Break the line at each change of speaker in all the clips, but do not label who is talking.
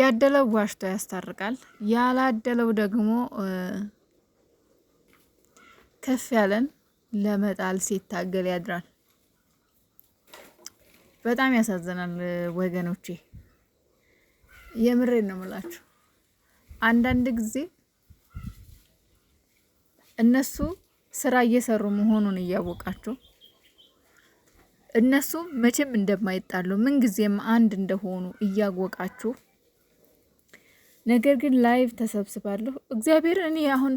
ያደለው ዋሽቶ ያስታርቃል፣ ያላደለው ደግሞ ከፍ ያለን ለመጣል ሲታገል ያድራል። በጣም ያሳዝናል ወገኖቼ፣ የምሬን ነው የምላችሁ። አንዳንድ ጊዜ እነሱ ስራ እየሰሩ መሆኑን እያወቃችሁ? እነሱ መቼም እንደማይጣሉ ምን ጊዜም አንድ እንደሆኑ እያወቃችሁ ነገር ግን ላይቭ ተሰብስባለሁ። እግዚአብሔር እኔ አሁን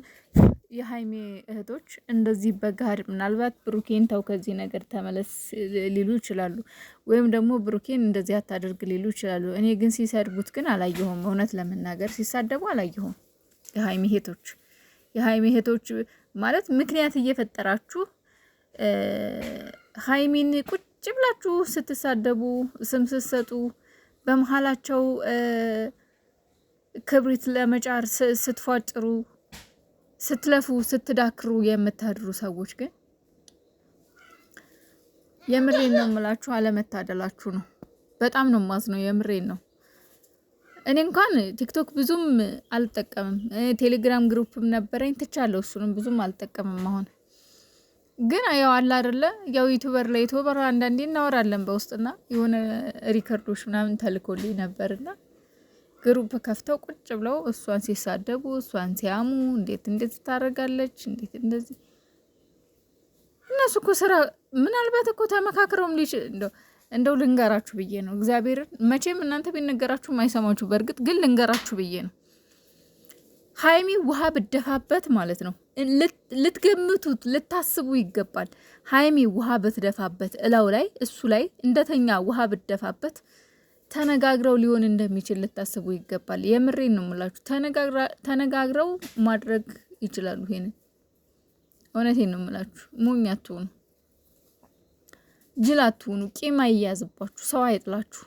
የሀይሜ እህቶች እንደዚህ በጋር ምናልባት ብሩኬን ተው ከዚህ ነገር ተመለስ ሊሉ ይችላሉ፣ ወይም ደግሞ ብሩኬን እንደዚህ አታደርግ ሊሉ ይችላሉ። እኔ ግን ሲሰድቡት ግን አላየሁም። እውነት ለመናገር ሲሳደቡ አላየሁም። የሀይሜ እህቶች የሀይሜ እህቶች ማለት ምክንያት እየፈጠራችሁ ሀይሜን ቁጭ ብላችሁ ስትሳደቡ ስም ስትሰጡ በመሀላቸው ክብሪት ለመጫር ስትፏጭሩ፣ ስትለፉ፣ ስትዳክሩ የምታድሩ ሰዎች ግን የምሬን ነው የምላችሁ፣ አለመታደላችሁ ነው። በጣም ነው የማዝነው። የምሬን ነው። እኔ እንኳን ቲክቶክ ብዙም አልጠቀምም። ቴሌግራም ግሩፕም ነበረኝ ትቻለሁ። እሱንም ብዙም አልጠቀምም። አሁን ግን ያው አለ አይደለ ያው ዩቱበር ለዩቱበር አንዳንዴ እናወራለን በውስጥና የሆነ ሪከርዶች ምናምን ተልኮልኝ ነበርና ግሩፕ ከፍተው ቁጭ ብለው እሷን ሲሳደቡ እሷን ሲያሙ እንዴት እንዴት ታደርጋለች እንዴት እንደዚህ እነሱ እኮ ስራ ምናልባት እኮ ተመካክረውም ልጅ እንደው ልንገራችሁ ብዬ ነው እግዚአብሔርን መቼም እናንተ ቢነገራችሁ ማይሰማችሁ በእርግጥ ግን ልንገራችሁ ብዬ ነው ሀይሚ ውሃ ብደፋበት ማለት ነው ልትገምቱት ልታስቡ ይገባል ሀይሚ ውሃ ብትደፋበት እላው ላይ እሱ ላይ እንደተኛ ውሃ ብትደፋበት ተነጋግረው ሊሆን እንደሚችል ልታስቡ ይገባል። የምሬን ነው ምላችሁ ተነጋግረው ማድረግ ይችላሉ። ይሄን እውነቴን ነው የምላችሁ። ሞኝ አትሆኑ፣ ጅል አትሆኑ፣ ቂም አይያዝባችሁ፣ ሰው አይጥላችሁ።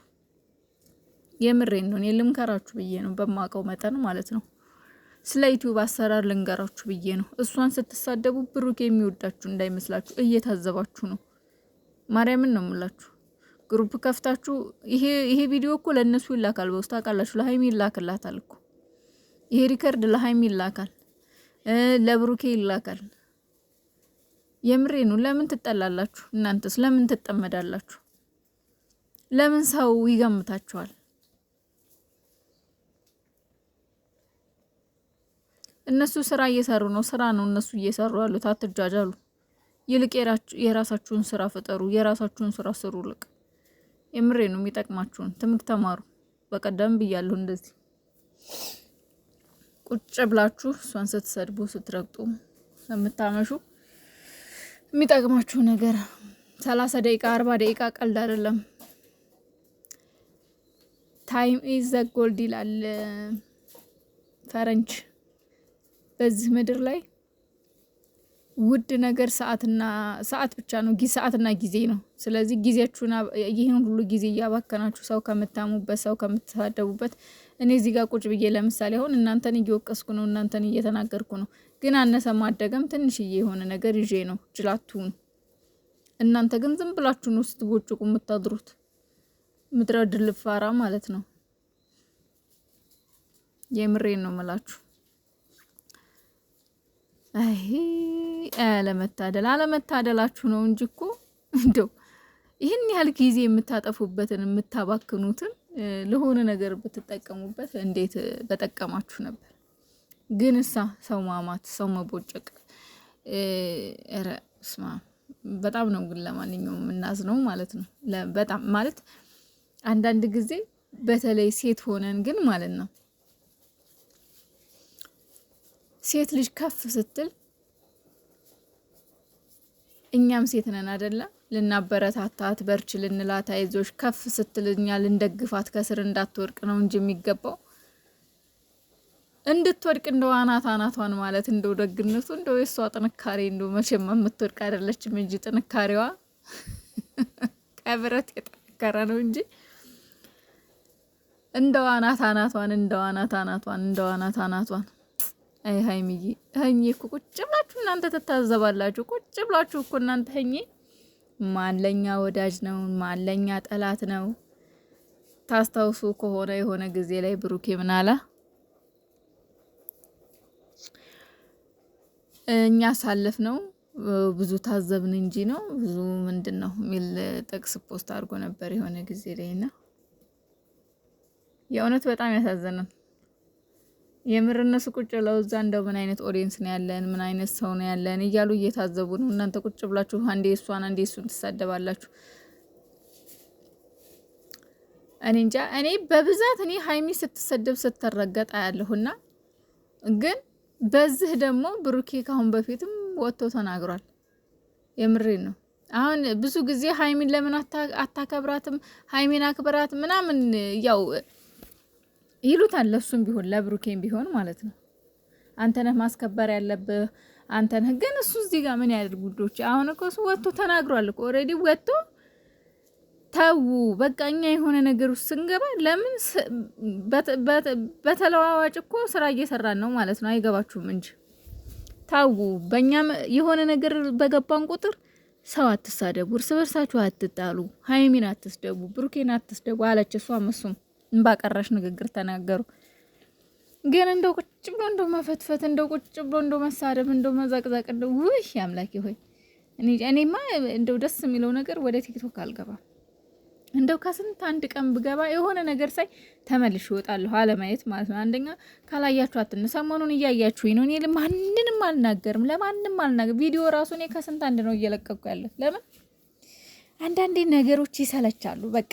የምሬን ነው። እኔ ልምከራችሁ ብዬ ነው በማውቀው መጠን ማለት ነው። ስለ ዩቲዩብ አሰራር ልንገራችሁ ብዬ ነው። እሷን ስትሳደቡ ብሩክ የሚወዳችሁ እንዳይመስላችሁ እየታዘባችሁ ነው። ማርያምን ነው ምላችሁ። ግሩፕ ከፍታችሁ ይሄ ቪዲዮ እኮ ለእነሱ ይላካል፣ በውስጥ አውቃላችሁ። ለሀይሚ ይላክላታል እኮ ይሄ ሪከርድ ለሀይሚ ይላካል፣ ለብሩኬ ይላካል። የምሬ ነው። ለምን ትጠላላችሁ? እናንተስ ለምን ትጠመዳላችሁ? ለምን ሰው ይገምታችኋል? እነሱ ስራ እየሰሩ ነው። ስራ ነው እነሱ እየሰሩ ያሉት። አትጃጃሉ። ይልቅ የራሳችሁን ስራ ፍጠሩ። የራሳችሁን ስራ ስሩ ልቅ የምሬ ነው። የሚጠቅማችሁን ትምህርት ተማሩ። በቀደም ብያለሁ እንደዚህ ቁጭ ብላችሁ እሷን ስትሰድቡ ስትረግጡ የምታመሹ የሚጠቅማችሁ ነገር ሰላሳ ደቂቃ አርባ ደቂቃ ቀልድ አይደለም። ታይም ኢዝ ዘ ጎልድ ይላል ፈረንች በዚህ ምድር ላይ ውድ ነገር ሰዓትና ሰዓት ብቻ ነው፣ ሰዓትና ጊዜ ነው። ስለዚህ ጊዜያችሁን ይህን ሁሉ ጊዜ እያባከናችሁ ሰው ከምታሙበት፣ ሰው ከምትሳደቡበት እኔ እዚህ ጋር ቁጭ ብዬ ለምሳሌ አሁን እናንተን እየወቀስኩ ነው፣ እናንተን እየተናገርኩ ነው። ግን አነሰ ማደገም ትንሽዬ የሆነ ነገር ይዤ ነው ጅላቱን። እናንተ ግን ዝም ብላችሁ ነው ስትቦጭቁ የምታድሩት። ምድረ ድልፋራ ማለት ነው። የምሬን ነው ምላችሁ። አለመታደል አለመታደላችሁ ነው እንጂ እኮ እንደው ይህን ያህል ጊዜ የምታጠፉበትን የምታባክኑትን ለሆነ ነገር ብትጠቀሙበት እንዴት በጠቀማችሁ ነበር። ግን እሳ ሰው ማማት፣ ሰው መቦጨቅ፣ ረ ስማ በጣም ነው። ግን ለማንኛውም እናዝ ነው ማለት ነው። በጣም ማለት አንዳንድ ጊዜ በተለይ ሴት ሆነን ግን ማለት ነው ሴት ልጅ ከፍ ስትል እኛም ሴት ነን አደለ? ልናበረታታት በርች ልንላት፣ አይዞሽ ከፍ ስትል እኛ ልንደግፋት ከስር እንዳትወድቅ ነው እንጂ የሚገባው እንድትወድቅ እንደው አናት አናቷን ማለት እንደው ደግነቱ እንደው የእሷ ጥንካሬ እንደው መቼም የምትወድቅ አይደለችም እንጂ ጥንካሬዋ ከብረት የጠነከረ ነው እንጂ እንደው አናት አናቷን እንደው አናት አናቷን እንደው አናት አናቷን አይ ሀይሚዬ ሀይሚዬ እኮ ቁጭ ብላችሁ እናንተ ትታዘባላችሁ። ቁጭ ብላችሁ እኮ እናንተ ሀይሚ ማን ለኛ ወዳጅ ነው፣ ማን ለኛ ጠላት ነው። ታስታውሱ ከሆነ የሆነ ጊዜ ላይ ብሩኬ ምን አለ? እኛ ሳለፍ ነው ብዙ ታዘብን እንጂ ነው ብዙ ምንድን ነው የሚል ጥቅስ ፖስት አድርጎ ነበር የሆነ ጊዜ ላይ እና የእውነት በጣም ያሳዘነው የምር እነሱ ቁጭ ብለው እዛ እንደው ምን አይነት ኦዲየንስ ነው ያለን፣ ምን አይነት ሰው ነው ያለን እያሉ እየታዘቡ ነው። እናንተ ቁጭ ብላችሁ አንዴ እሷን አንዴ እሱን ትሳደባላችሁ። እኔ እንጃ። እኔ በብዛት እኔ ሀይሚ ስትሰደብ ስትረገጥ አያለሁና ግን በዚህ ደግሞ ብሩኬ ካሁን በፊትም ወጥቶ ተናግሯል። የምሬ ነው። አሁን ብዙ ጊዜ ሀይሚን ለምን አታከብራትም? ሀይሚን አክብራት ምናምን ያው ይሉታል። ለሱም ቢሆን ለብሩኬም ቢሆን ማለት ነው አንተ ነህ ማስከበር ያለብህ አንተ ነህ። ግን እሱ እዚህ ጋር ምን ያደርግ ጉዶች። አሁን እኮ እሱ ወጥቶ ተናግሯል እኮ ኦልሬዲ ወጥቶ ተዉ በቃ እኛ የሆነ ነገር ውስጥ ስንገባ ለምን በተለዋዋጭ እኮ ስራ እየሰራን ነው ማለት ነው። አይገባችሁም እንጂ ታው በእኛም የሆነ ነገር በገባን ቁጥር ሰው አትሳደቡ፣ እርስ በርሳችሁ አትጣሉ፣ ሀይሚን አትስደቡ፣ ብሩኬን አትስደቡ አለች እሷ መሱም ባቀረሽ ንግግር ተናገሩ። ግን እንደው ቁጭ ብሎ እንደው መፈትፈት እንደው ቁጭ ብሎ እንደው መሳደብ እንደው መዘቅዘቅ እንደው ውይ አምላኬ ሆይ እኔማ እንደው ደስ የሚለው ነገር ወደ ቲክቶክ አልገባም። እንደው ከስንት አንድ ቀን ብገባ የሆነ ነገር ሳይ ተመልሽ ይወጣለሁ አለማየት ማለት ነው። አንደኛ ካላያችሁ አትን ሰሞኑን ነው። እኔ ማንንም አልናገርም፣ ለማንም አልናገ ቪዲዮ ራሱ እኔ ከስንት አንድ ነው እየለቀቁ ያለት። ለምን አንዳንዴ ነገሮች ይሰለቻሉ በቃ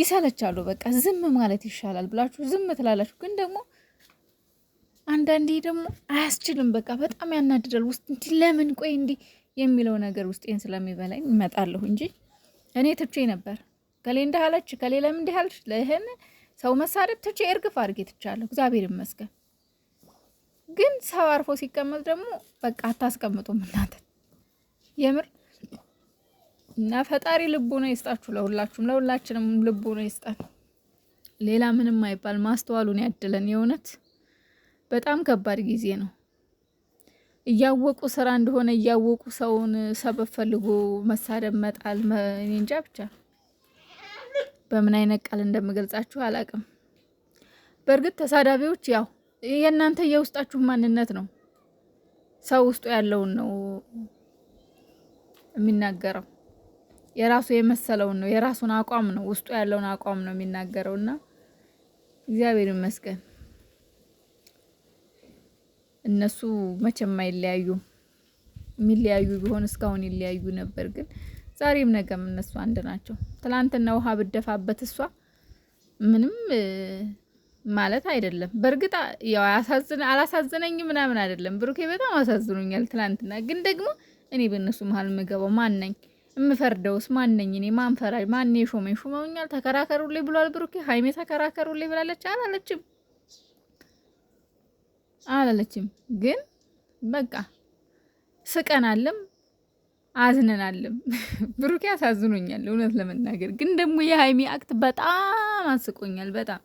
ይሰለቻሉ። በቃ ዝም ማለት ይሻላል ብላችሁ ዝም ትላላችሁ። ግን ደግሞ አንዳንዴ ደግሞ አያስችልም። በቃ በጣም ያናድዳል። ውስጥ እንዲ ለምን ቆይ እንዲ የሚለው ነገር ውስጤን ስለሚበላኝ እመጣለሁ እንጂ እኔ ትቼ ነበር። ከሌ እንዲህ አለች፣ ከሌ ለምን እንዲህ አለች። ለህን ሰው መሳደብ ትቼ እርግፍ አድርጌ ትቻለሁ። እግዚአብሔር ይመስገን። ግን ሰው አርፎ ሲቀመጥ ደግሞ በቃ አታስቀምጡም እናንተ የምር እና ፈጣሪ ልቦና ይስጣችሁ ለሁላችሁም ለሁላችንም ልቦና ይስጣል። ሌላ ምንም አይባል፣ ማስተዋሉን ያድለን። የእውነት በጣም ከባድ ጊዜ ነው። እያወቁ ስራ እንደሆነ እያወቁ ሰውን ሰበብ ፈልጎ መሳደብ መጣል፣ እኔ እንጃ ብቻ በምን አይነት ቃል እንደምገልጻችሁ አላቅም። በእርግጥ ተሳዳቢዎች ያው የእናንተ የውስጣችሁ ማንነት ነው፣ ሰው ውስጡ ያለውን ነው የሚናገረው። የራሱ የመሰለውን ነው የራሱን አቋም ነው ውስጡ ያለውን አቋም ነው የሚናገረው እና እግዚአብሔር ይመስገን እነሱ መቼም ማይለያዩ የሚለያዩ ቢሆን እስካሁን ይለያዩ ነበር፣ ግን ዛሬም ነገም እነሱ አንድ ናቸው። ትላንትና ውሃ ብደፋበት እሷ ምንም ማለት አይደለም። በእርግጥ ያው አላሳዝነኝ ምናምን አይደለም። ብሩኬ በጣም አሳዝኖኛል ትላንትና። ግን ደግሞ እኔ በእነሱ መሀል ምገበው ማን ነኝ? የምፈርደውስ ማነኝ እኔ? ማን ፈራጅ? ማን የሾመኝ? ሹመውኛል፣ ተከራከሩልኝ ብሏል ብሩኬ። ሀይሜ ተከራከሩልኝ ብላለች አላለችም? አላለችም። ግን በቃ ስቀናለም አዝነናለም። ብሩኬ አሳዝኖኛል፣ እውነት ለመናገር ግን ደግሞ የሀይሜ አክት በጣም አስቆኛል። በጣም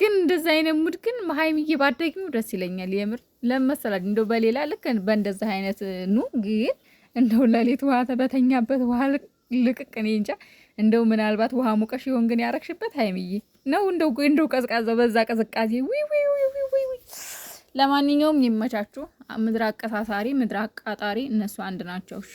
ግን እንደዛ አይነት ሙድ ግን ሀይሚዬ ባደግሚው ደስ ይለኛል። የምር ለመሰላት እንደው በሌላ ልክ በእንደዚህ አይነት ኑ ግን እንደው ለሌት ውሃ በተኛበት ውሃ ልቅቅ እኔ እንጃ። እንደው ምናልባት ውሃ ሙቀሽ ይሆን ግን ያረግሽበት ሀይምዬ ነው። እንደው እንደው በዛ ቅዝቃዜ ለማንኛውም ይመቻችሁ። ምድር አቀሳሳሪ ምድር አቃጣሪ እነሱ አንድ ናቸው። እሺ